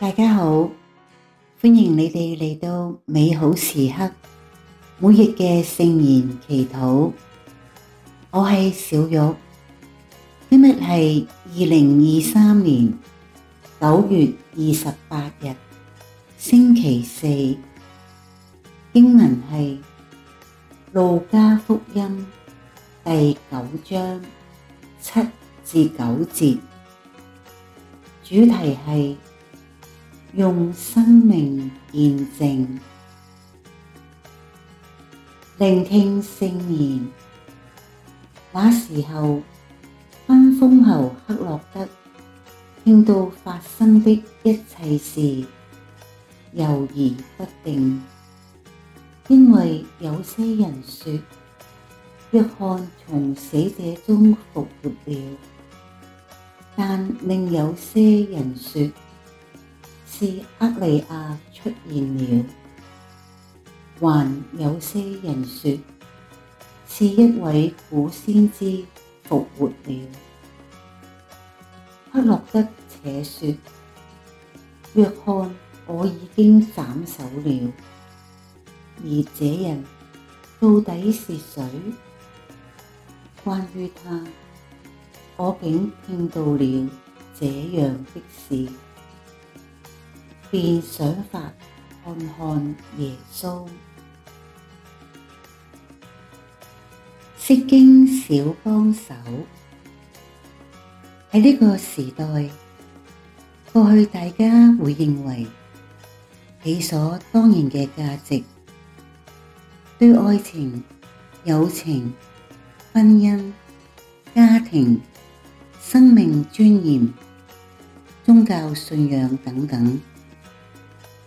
大家好，歡迎你哋嚟到美好時刻每日嘅聖言祈禱。我係小玉，今日係二零二三年九月二十八日星期四。經文係路加福音第九章七至九節，主題係，用生命見證，聆聽聖言。那時候分，分封侯黑落德聽到發生的一切事，猶豫不定，因為有些人說若翰從死者中復活了，但另有些人說。是厄里亞出現了，還有些人說是一位古先知復活了。黑落德且說：若翰，我已經斬首了。而這人到底是誰？關於祂，我竟聽到了這樣的事。便想法看看耶穌。釋經小幫手，喺呢個時代，過去大家會認為理所當然嘅價值，對愛情、友情、婚姻、家庭、生命尊嚴、宗教信仰等等。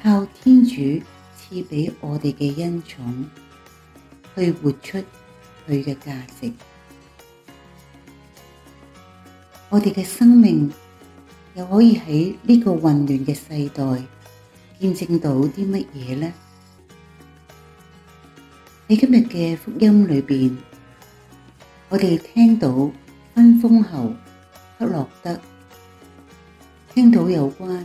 靠天主賜俾我哋嘅恩寵，去活出佢嘅價值。我哋嘅生命又可以喺呢個混亂嘅世代見證到啲乜嘢呢？喺今日嘅福音裏邊，我哋聽到分封侯黑落德，聽到有關。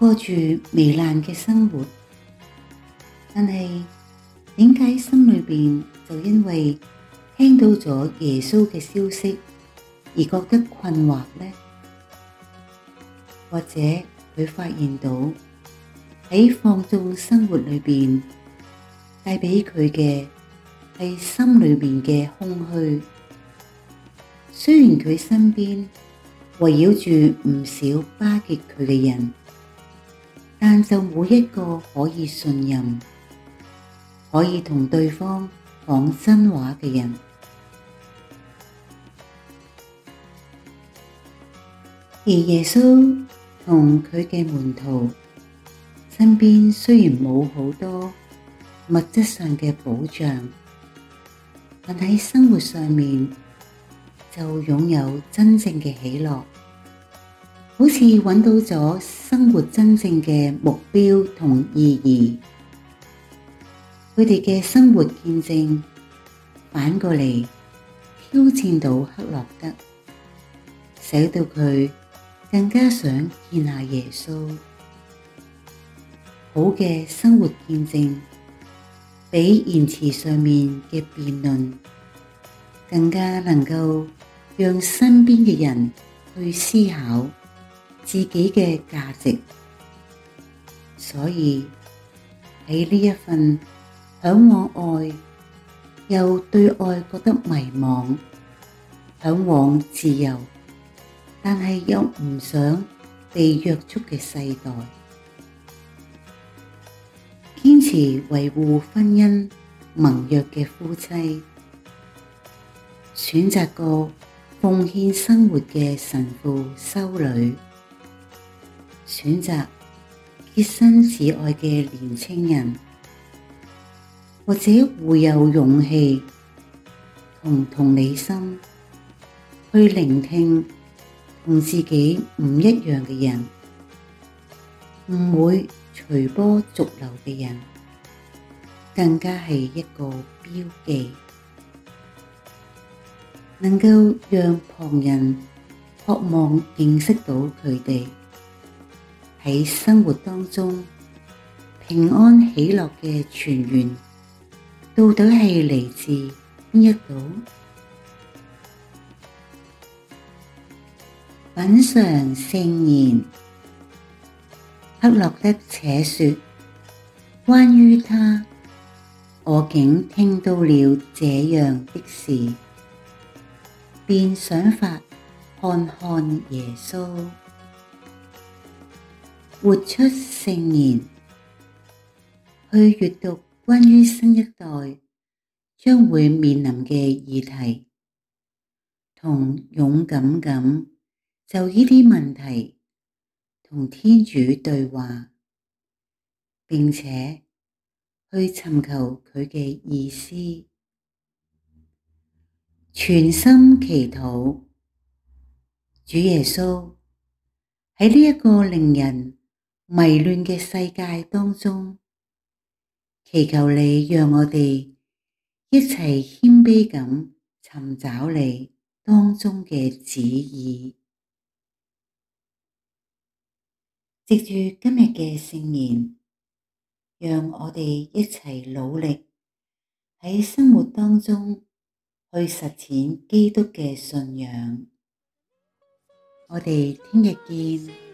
過住糜爛嘅生活，但係點解心裏邊就因為聽到咗耶穌嘅消息而覺得困惑呢？或者佢發現到喺放縱生活裏邊帶畀佢嘅係心裏邊嘅空虛，雖然佢身邊圍繞住唔少巴結佢嘅人。但就冇一個可以信任，可以同對方講真話嘅人，而耶穌同佢嘅門徒身邊雖然冇好多物質上嘅保障，但喺生活上面就擁有真正嘅喜樂。好似揾到咗生活真正嘅目標同意義，佢哋嘅生活見證，反過嚟挑戰到黑落德，使到佢更加想見下耶穌。好嘅生活見證，比言辭上面嘅辯論更加能夠讓身邊嘅人去思考。自己嘅價值，所以喺呢一份嚮往愛又對愛覺得迷惘、嚮往自由但係又唔想被約束嘅世代，堅持維護婚姻盟約嘅夫妻，選擇過奉獻生活嘅神父修女，選擇潔身自愛嘅年輕人，或者會有勇氣同同理心去聆聽同自己唔一樣嘅人，唔會隨波逐流嘅人，更加係一個標記，能夠讓旁人渴望認識到佢哋。喺生活當中，平安喜樂嘅泉源到底係嚟自邊一度？品嘗聖言，黑落德且說：關於祂，我竟聽到了這樣的事，便想法看看耶穌。活出聖言，去閱讀關於新一代將會面臨嘅議題，同勇敢咁就呢啲問題同天主對話，並且去尋求佢嘅意思。全心祈禱，主耶穌喺呢一個令人迷亂嘅世界當中，祈求你讓我哋一齊謙卑咁尋找你當中嘅旨意。藉住今日嘅聖言，讓我哋一齊努力喺生活當中去實踐基督嘅信仰。我哋聽日見。